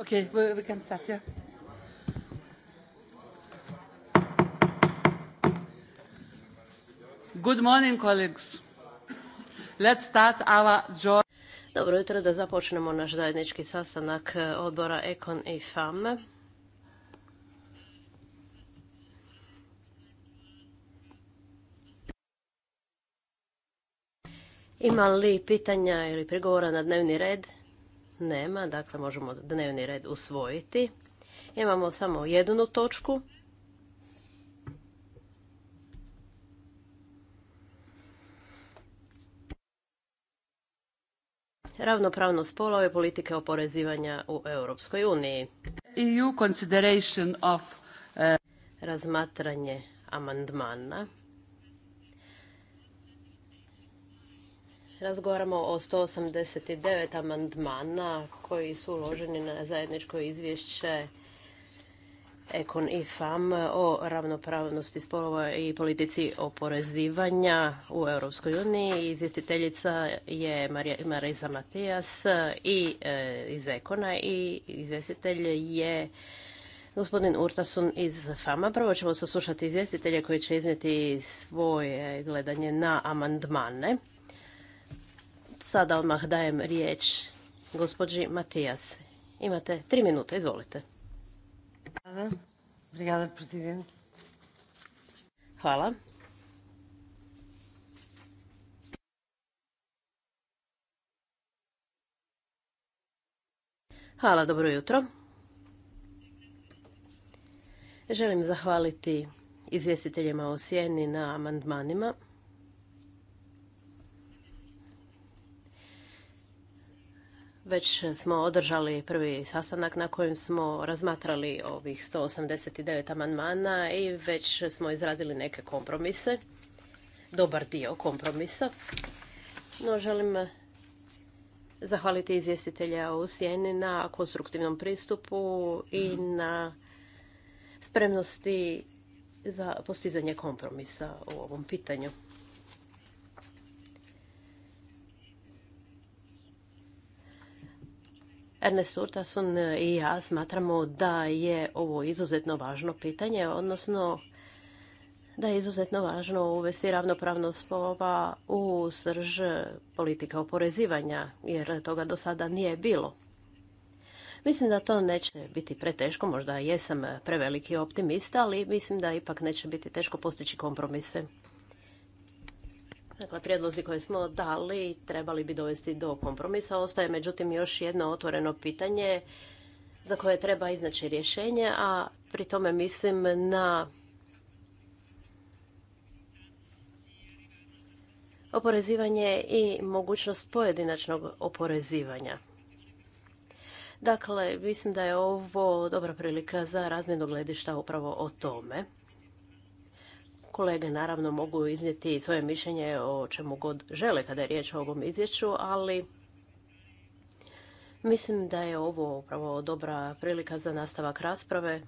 Okay, we, we can start, yeah. Good morning, colleagues. Let's start our joy. Dobro jutro da započnemo naš zajednički sastanak eh, odbora Econ i FAM. Ima li pitanja ili prigovora na dnevni red? Nema, dakle možemo dnevni red usvojiti. Imamo samo jednu točku. ravnopravno spolove politike oporezivanja u Europskoj uniji. EU of uh, razmatranje amandmana Razgovaramo o 189 amandmana koji su uloženi na zajedničko izvješće Ekon i FAM o ravnopravnosti spolova i politici oporezivanja u Europskoj uniji. Izvjestiteljica je Marisa Matijas i e, iz Ekona i izvjestitelj je gospodin Urtasun iz FAMA. Prvo ćemo saslušati izvjestitelje koji će iznijeti svoje gledanje na amandmane. Sada odmah dajem riječ gospođi Matijas. Imate tri minute, izvolite. Hvala. Hvala, dobro jutro. Želim zahvaliti izvjestiteljima o Sijeni na amandmanima. Već smo održali prvi sastanak na kojem smo razmatrali ovih 189 amandmana i već smo izradili neke kompromise, dobar dio kompromisa. No, želim zahvaliti izvjestitelja u Sjeni na konstruktivnom pristupu i na spremnosti za postizanje kompromisa u ovom pitanju. Ernest Urtasun i ja smatramo da je ovo izuzetno važno pitanje, odnosno da je izuzetno važno uvesti ravnopravnost spolova u srž politika oporezivanja, jer toga do sada nije bilo. Mislim da to neće biti preteško, možda jesam preveliki optimista, ali mislim da ipak neće biti teško postići kompromise. Dakle, prijedlozi koje smo dali trebali bi dovesti do kompromisa. Ostaje međutim još jedno otvoreno pitanje za koje treba iznaći rješenje, a pri tome mislim na oporezivanje i mogućnost pojedinačnog oporezivanja. Dakle, mislim da je ovo dobra prilika za razmjenu gledišta upravo o tome. Kolege naravno mogu iznijeti svoje mišljenje o čemu god žele kada je riječ o ovom izvješću, ali mislim da je ovo upravo dobra prilika za nastavak rasprave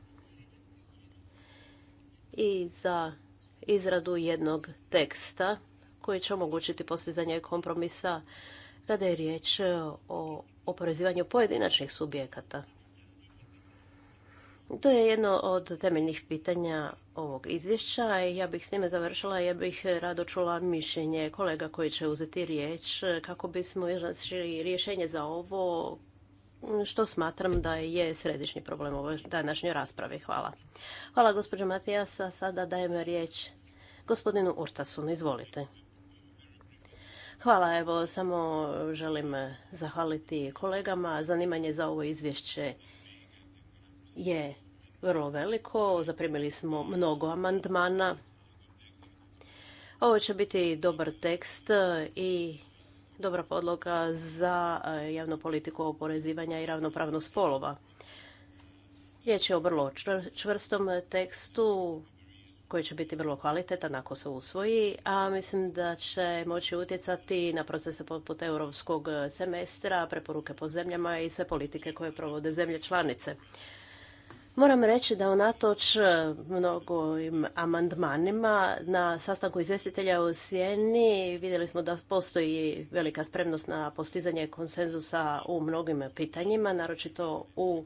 i za izradu jednog teksta koji će omogućiti postizanje kompromisa kada je riječ o oporezivanju pojedinačnih subjekata. To je jedno od temeljnih pitanja ovog izvješća. Ja bih s njime završila, ja bih rado čula mišljenje kolega koji će uzeti riječ kako bismo iznašli rješenje za ovo što smatram da je središnji problem u ovoj današnjoj raspravi. Hvala. Hvala gospođo Matijasa. Sada dajem riječ gospodinu Urtasun. Izvolite. Hvala, evo samo želim zahvaliti kolegama. Zanimanje za ovo izvješće je vrlo veliko. Zaprimili smo mnogo amandmana. Ovo će biti dobar tekst i dobra podloga za eh, javnu politiku oporezivanja i ravnopravnost spolova. Riječ je o vrlo čvrstom tekstu koji će biti vrlo kvalitetan ako se usvoji, a mislim da će moći utjecati na procese poput europskog semestra, preporuke po zemljama i sve politike koje provode zemlje članice. Moram reći da unatoč mnogim amandmanima na sastanku izvjestitelja u Sjeni vidjeli smo da postoji velika spremnost na postizanje konsenzusa u mnogim pitanjima, naročito u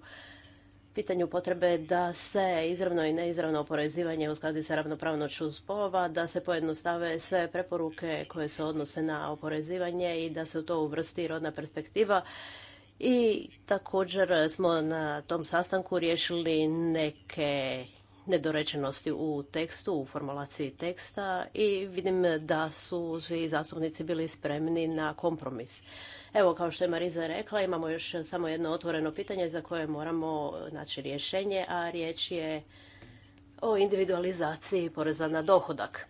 pitanju potrebe da se izravno i neizravno oporezivanje uskladi sa ravnopravnoću spolova, da se pojednostave sve preporuke koje se odnose na oporezivanje i da se u to uvrsti rodna perspektiva i također smo na tom sastanku riješili neke nedorečenosti u tekstu, u formulaciji teksta i vidim da su svi zastupnici bili spremni na kompromis. Evo, kao što je Mariza rekla, imamo još samo jedno otvoreno pitanje za koje moramo naći rješenje, a riječ je o individualizaciji poreza na dohodak.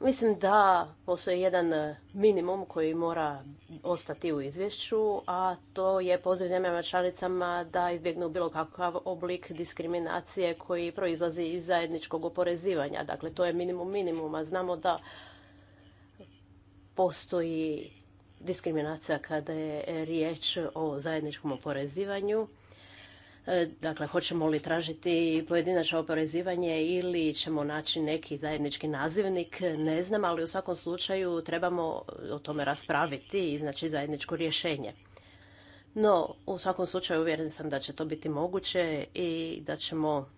Mislim da postoji jedan e, minimum koji mora ostati u izvješću, a to je poziv zemljama članicama da izbjegnu bilo kakav oblik diskriminacije koji proizlazi iz zajedničkog oporezivanja. Dakle, to je minimum minimuma. Znamo da postoji diskriminacija kada je riječ o zajedničkom oporezivanju E, dakle, hoćemo li tražiti pojedinačno oporezivanje ili ćemo naći neki zajednički nazivnik, ne znam, ali u svakom slučaju trebamo o tome raspraviti i znači zajedničko rješenje. No, u svakom slučaju uvjeren sam da će to biti moguće i da ćemo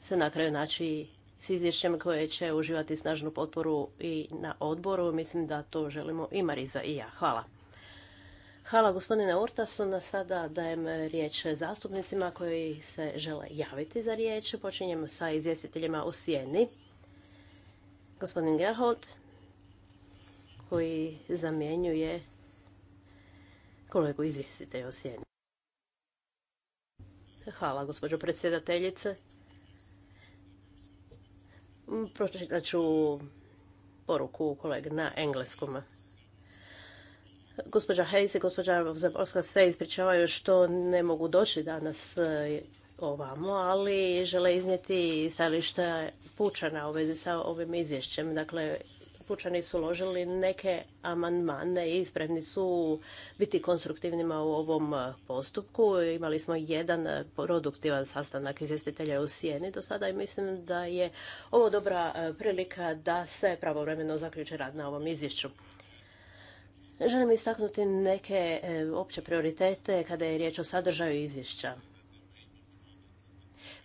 se na kraju naći s izvješćem koje će uživati snažnu potporu i na odboru. Mislim da to želimo i Mariza i ja. Hvala. Hvala gospodine Na Sada dajem riječ zastupnicima koji se žele javiti za riječ. Počinjem sa izvjestiteljima u sjeni. Gospodin Gerhold koji zamjenjuje kolegu izvjestitelja u sjeni. Hvala gospođo predsjedateljice. Pročitat ću poruku kolega na engleskom. Gospođa Hayes i gospođa Zaborska se ispričavaju što ne mogu doći danas e, ovamo, ali žele iznijeti stajališta pučana u vezi sa ovim izvješćem. Dakle, pučani su uložili neke amandmane i spremni su biti konstruktivnima u ovom postupku. Imali smo jedan produktivan sastanak izvjestitelja u Sijeni do sada i mislim da je ovo dobra e, prilika da se pravovremeno zaključi rad na ovom izvješću. Želim istaknuti neke e, opće prioritete kada je riječ o sadržaju izvješća.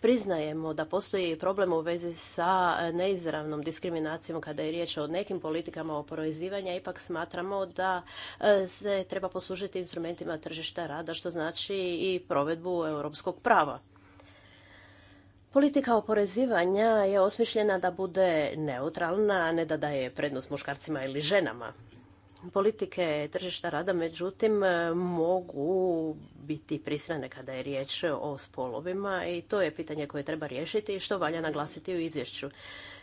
Priznajemo da postoji problem u vezi sa neizravnom diskriminacijom kada je riječ o nekim politikama oporezivanja, ipak smatramo da e, se treba poslužiti instrumentima tržišta rada, što znači i provedbu europskog prava. Politika oporezivanja je osmišljena da bude neutralna, a ne da daje prednost muškarcima ili ženama. Politike tržišta rada, međutim, e, mogu biti prisrene kada je riječ o spolovima i to je pitanje koje treba riješiti i što valja naglasiti u izvješću.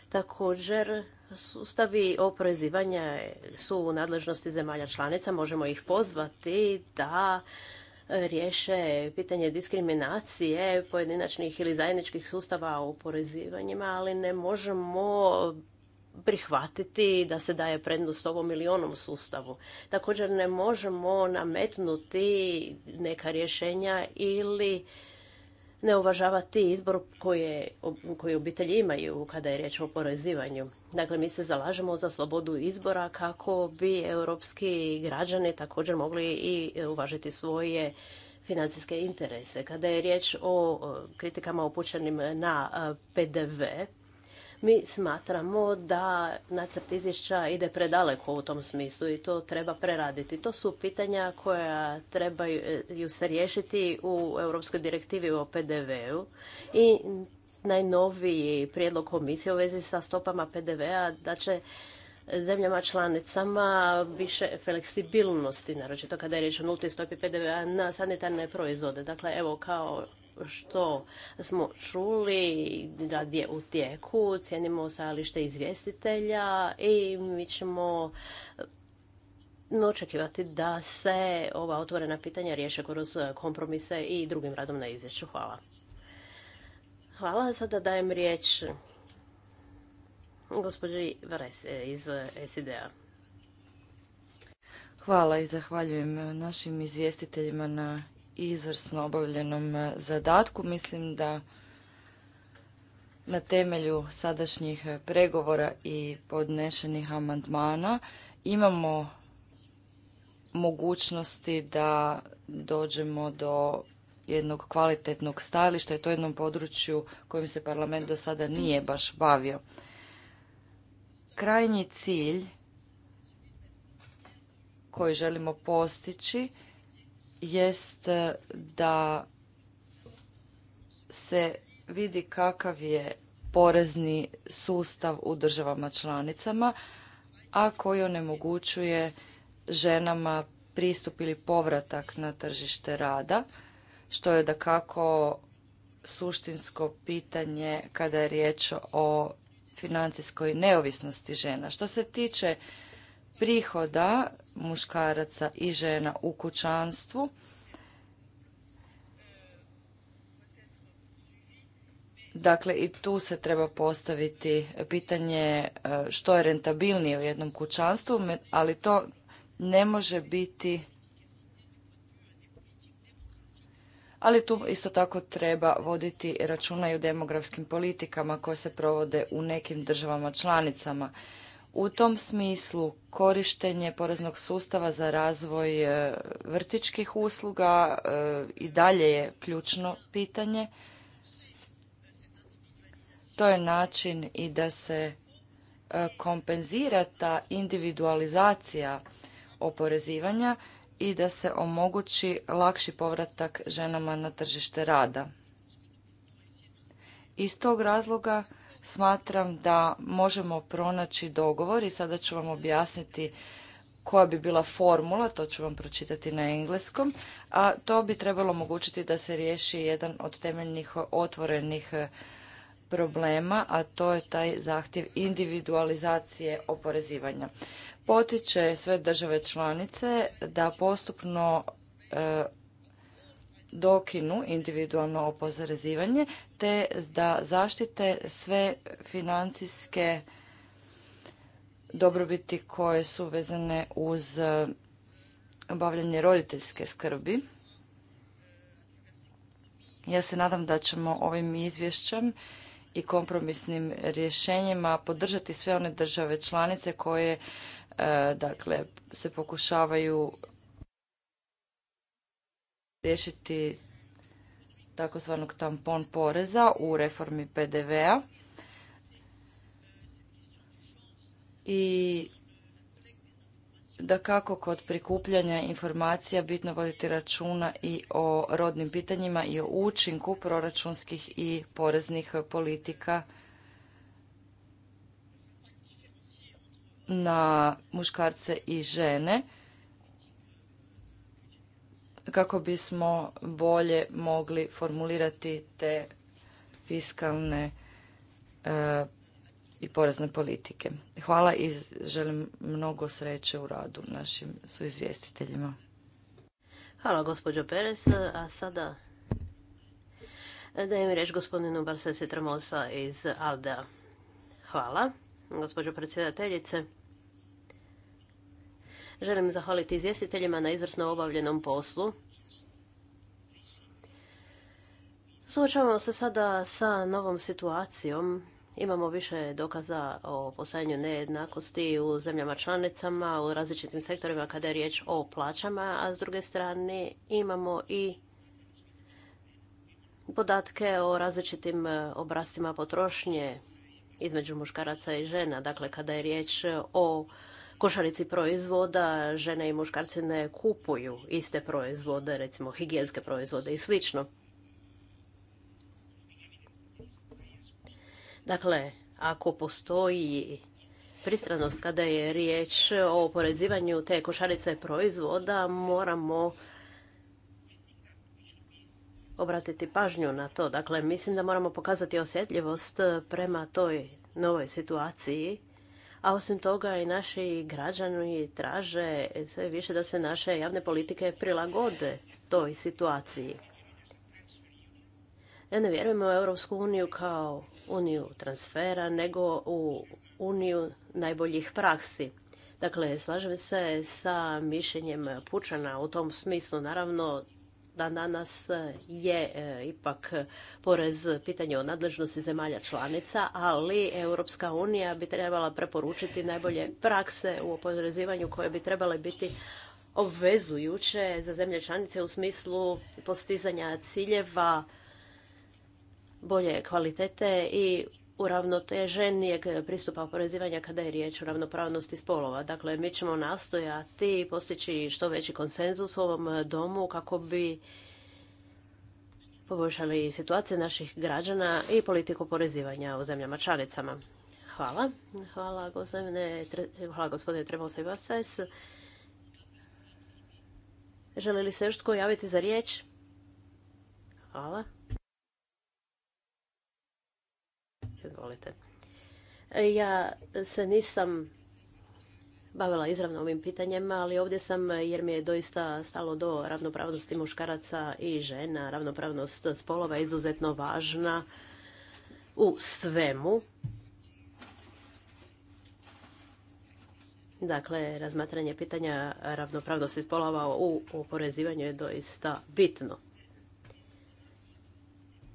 Također, sustavi oporezivanja su u nadležnosti zemalja članica, možemo ih pozvati da riješe pitanje diskriminacije pojedinačnih ili zajedničkih sustava o oporezivanjima, ali ne možemo prihvatiti da se daje prednost ovom ili onom sustavu. Također ne možemo nametnuti neka rješenja ili ne uvažavati izbor koje, obitelji imaju kada je riječ o porezivanju. Dakle, mi se zalažemo za slobodu izbora kako bi europski građani također mogli i uvažiti svoje financijske interese. Kada je riječ o kritikama upućenim na PDV, mi smatramo da nacrt izvješća ide predaleko u tom smislu i to treba preraditi. To su pitanja koja trebaju se riješiti u Europskoj direktivi o PDV-u i najnoviji prijedlog komisije u vezi sa stopama PDV-a da će zemljama članicama više fleksibilnosti, naročito kada je riječ o nultoj stopi PDV-a na sanitarne proizvode. Dakle, evo kao što smo čuli, da je u tijeku, cijenimo stajalište izvjestitelja i mi ćemo očekivati da se ova otvorena pitanja riješe kroz kompromise i drugim radom na izvješću. Hvala. Hvala, sada dajem riječ gospođi Vares iz SID-a. Hvala i zahvaljujem našim izvjestiteljima na izvrsno obavljenom e, zadatku. Mislim da na temelju sadašnjih e, pregovora i podnešenih amandmana imamo mogućnosti da dođemo do jednog kvalitetnog stajališta i to jednom području kojim se parlament do sada nije baš bavio. Krajnji cilj koji želimo postići jest e, da se vidi kakav je porezni sustav u državama članicama, a koji onemogućuje ženama pristup ili povratak na tržište rada, što je da kako suštinsko pitanje kada je riječ o financijskoj neovisnosti žena. Što se tiče prihoda, muškaraca i žena u kućanstvu. Dakle, i tu se treba postaviti pitanje e, što je rentabilnije u jednom kućanstvu, ali to ne može biti ali tu isto tako treba voditi računa i o demografskim politikama koje se provode u nekim državama članicama. U tom smislu korištenje poreznog sustava za razvoj e, vrtičkih usluga e, i dalje je ključno pitanje. To je način i da se e, kompenzira ta individualizacija oporezivanja i da se omogući lakši povratak ženama na tržište rada. Iz tog razloga smatram da možemo pronaći dogovor i sada ću vam objasniti koja bi bila formula, to ću vam pročitati na engleskom, a to bi trebalo omogućiti da se riješi jedan od temeljnih otvorenih e, problema, a to je taj zahtjev individualizacije oporezivanja. Potiče sve države članice da postupno e, dokinu individualno oporezivanje te da zaštite sve financijske dobrobiti koje su vezane uz obavljanje eh, roditeljske skrbi. Ja se nadam da ćemo ovim izvješćem i kompromisnim rješenjima podržati sve one države članice koje eh, dakle se pokušavaju riješiti takozvanog tampon poreza u reformi PDV-a. I da kako kod prikupljanja informacija bitno voditi računa i o rodnim pitanjima i o učinku proračunskih i poreznih politika na muškarce i žene kako bismo bolje mogli formulirati te fiskalne e, i porezne politike. Hvala i želim mnogo sreće u radu našim suizvjestiteljima. Hvala gospođo Perez, a sada dajem reč gospodinu Barsesi Tromosa iz Aldea. Hvala gospođo predsjedateljice. Želim zahvaliti izvjestiteljima na izvrsno obavljenom poslu. Suočavamo se sada sa novom situacijom. Imamo više dokaza o postojanju nejednakosti u zemljama članicama, u različitim sektorima kada je riječ o plaćama, a s druge strane imamo i podatke o različitim obrascima potrošnje između muškaraca i žena. Dakle, kada je riječ o košarici proizvoda žene i muškarci ne kupuju iste proizvode, recimo higijenske proizvode i slično. Dakle, ako postoji pristranost kada je riječ o oporezivanju te košarice proizvoda, moramo obratiti pažnju na to. Dakle, mislim da moramo pokazati osjetljivost prema toj novoj situaciji a osim toga i naši građani traže sve više da se naše javne politike prilagode toj situaciji. Ja ne vjerujemo u Europsku uniju kao uniju transfera, nego u uniju najboljih praksi. Dakle, slažem se sa mišljenjem Pučana u tom smislu. Naravno, dan danas e, je e, ipak porez pitanje o nadležnosti zemalja članica, ali Europska unija bi trebala preporučiti najbolje prakse u oporezivanju koje bi trebale biti obvezujuće za zemlje članice u smislu postizanja ciljeva bolje kvalitete i uravnoteženijeg pristupa oporezivanja kada je riječ o ravnopravnosti spolova. Dakle, mi ćemo nastojati postići što veći konsenzus u ovom domu kako bi poboljšali situacije naših građana i politiku oporezivanja u zemljama članicama. Hvala. Hvala, gospodine, hvala gospodine i Želi li se još tko javiti za riječ? Hvala. Izvolite. E, ja se nisam bavila izravno ovim pitanjima, ali ovdje sam jer mi je doista stalo do ravnopravnosti muškaraca i žena. Ravnopravnost spolova je izuzetno važna u svemu. Dakle, razmatranje pitanja ravnopravnosti spolova u oporezivanju je doista bitno.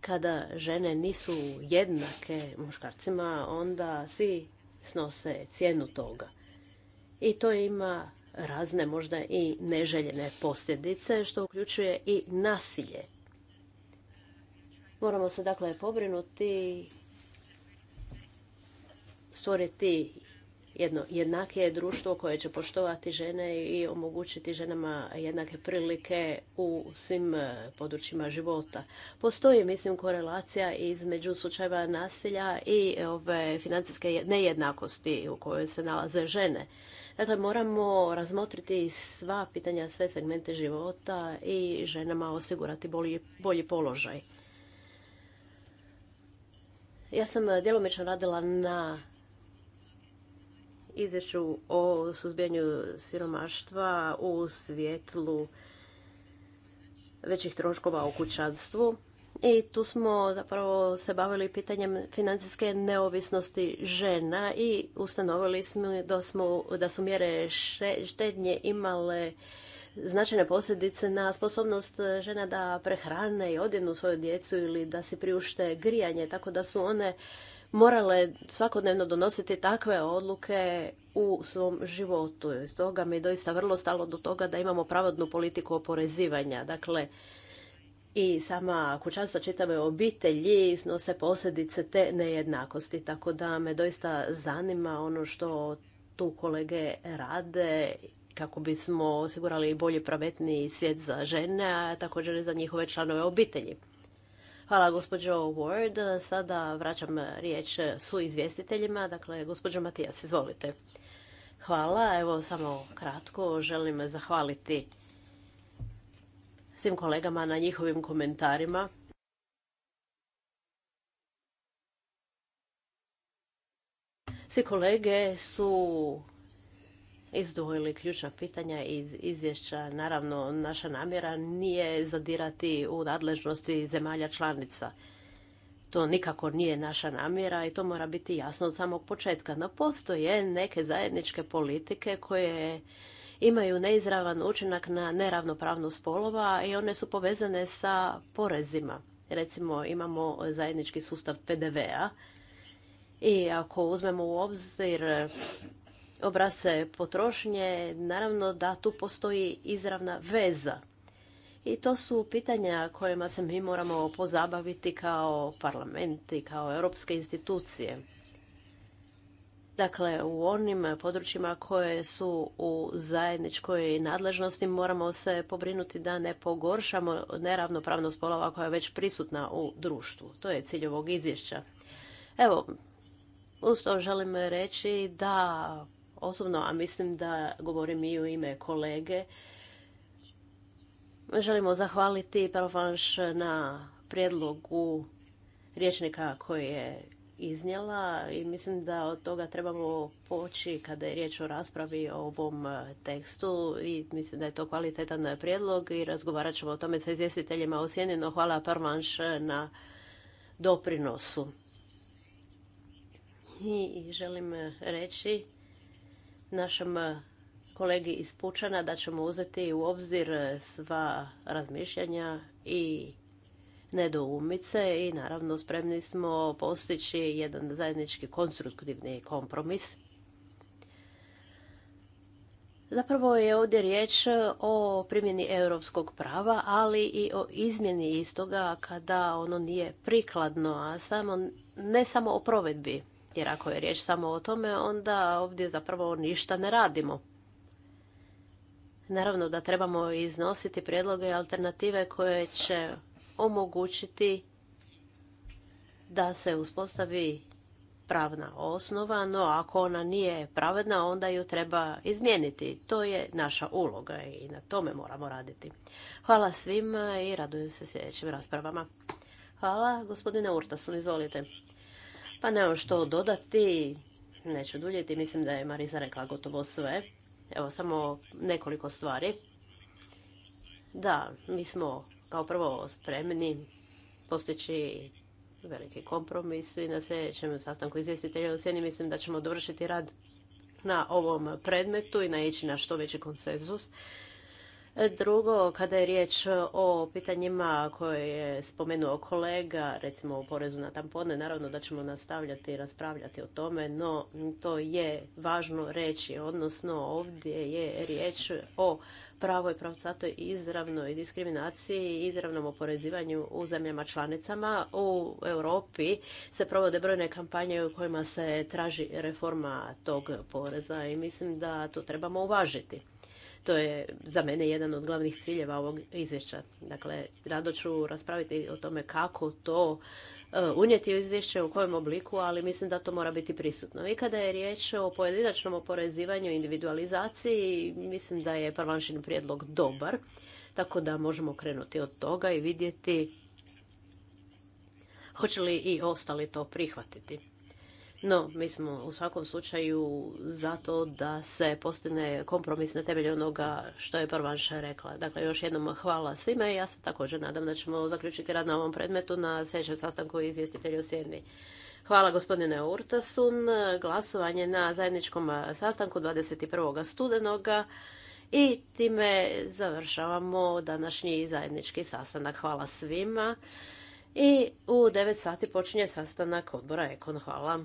Kada žene nisu jednake muškarcima, onda svi snose cijenu toga. I to ima razne možda i neželjene posljedice, što uključuje i nasilje. Moramo se dakle pobrinuti stvoriti jedno jednakije društvo koje će poštovati žene i omogućiti ženama jednake prilike u svim e, područjima života. Postoji, mislim, korelacija između slučajeva nasilja i ove financijske nejednakosti u kojoj se nalaze žene. Dakle, moramo razmotriti sva pitanja, sve segmente života i ženama osigurati bolji, bolji položaj. Ja sam djelomično radila na izvješću o suzbijanju siromaštva u svijetlu većih troškova u kućanstvu. I tu smo zapravo se bavili pitanjem financijske neovisnosti žena i ustanovili smo da, smo, da su mjere štednje imale značajne posljedice na sposobnost žena da prehrane i odjednu svoju djecu ili da si priušte grijanje, tako da su one morale svakodnevno donositi takve odluke u svom životu. Stoga mi je doista vrlo stalo do toga da imamo pravodnu politiku oporezivanja. Dakle, i sama kućanstva čitave obitelji snose posljedice te nejednakosti. Tako da me doista zanima ono što tu kolege rade kako bismo osigurali bolji pravetniji svijet za žene, a također i za njihove članove obitelji. Hvala gospođo Ward. Sada vraćam riječ su izvjestiteljima. Dakle, gospođo Matijas, izvolite. Hvala. Evo samo kratko želim zahvaliti svim kolegama na njihovim komentarima. Svi kolege su izdvojili ključna pitanja iz izvješća. Naravno, naša namjera nije zadirati u nadležnosti zemalja članica. To nikako nije naša namjera i to mora biti jasno od samog početka. No postoje neke zajedničke politike koje imaju neizravan učinak na neravnopravnost spolova i one su povezane sa porezima. Recimo imamo zajednički sustav PDV-a i ako uzmemo u obzir obrase potrošnje, naravno da tu postoji izravna veza. I to su pitanja kojima se mi moramo pozabaviti kao parlament i kao europske institucije. Dakle, u onim područjima koje su u zajedničkoj nadležnosti moramo se pobrinuti da ne pogoršamo neravnopravnost polova koja je već prisutna u društvu. To je cilj ovog izvješća. Evo, uz to želim reći da osobno, a mislim da govorim i u ime kolege, želimo zahvaliti Pervanš na prijedlogu rječnika koji je iznijela i mislim da od toga trebamo poći kada je riječ o raspravi o ovom tekstu i mislim da je to kvalitetan prijedlog i razgovarat ćemo o tome sa izvjestiteljima o no Hvala Pervanš na doprinosu. I želim reći našem e, kolegi iz Pučana da ćemo uzeti u obzir e, sva razmišljanja i nedoumice i naravno spremni smo postići jedan zajednički konstruktivni kompromis. Zapravo je ovdje riječ o primjeni europskog prava, ali i o izmjeni istoga kada ono nije prikladno, a samo, ne samo o provedbi jer ako je riječ samo o tome, onda ovdje zapravo ništa ne radimo. Naravno da trebamo iznositi prijedloge i alternative koje će omogućiti da se uspostavi pravna osnova, no ako ona nije pravedna, onda ju treba izmijeniti. To je naša uloga i na tome moramo raditi. Hvala svima i radujem se sljedećim raspravama. Hvala, gospodine Urtasun, izvolite. Pa nemam što dodati, neću duljiti, mislim da je Marisa rekla gotovo sve. Evo, samo nekoliko stvari. Da, mi smo kao prvo spremni postići veliki kompromis i na sljedećem sastanku izvjestitelja u sjeni mislim da ćemo dovršiti rad na ovom predmetu i naići na što veći konsenzus. Drugo, kada je riječ o pitanjima koje je spomenuo kolega, recimo o porezu na tampone, naravno da ćemo nastavljati i raspravljati o tome, no to je važno reći, odnosno ovdje je riječ o pravoj pravcatoj izravnoj diskriminaciji, i izravnom oporezivanju u zemljama članicama. U Europi se provode brojne kampanje u kojima se traži reforma tog poreza i mislim da to trebamo uvažiti. To je za mene jedan od glavnih ciljeva ovog izvješća. Dakle, rado ću raspraviti o tome kako to e, unijeti u izvješće, u kojem obliku, ali mislim da to mora biti prisutno. I kada je riječ o pojedinačnom oporezivanju i individualizaciji, mislim da je prvanšin prijedlog dobar, tako da možemo krenuti od toga i vidjeti hoće li i ostali to prihvatiti. No, mi smo u svakom slučaju za to da se postigne kompromis na temelju onoga što je Parvanša rekla. Dakle, još jednom hvala svima i ja se također nadam da ćemo zaključiti rad na ovom predmetu na sljedećem sastanku izvjestitelju u Sjedni. Hvala gospodine Urtasun. Glasovanje na zajedničkom sastanku 21. studenoga i time završavamo današnji zajednički sastanak. Hvala svima. I u 9 sati počinje sastanak odbora Ekon. Hvala.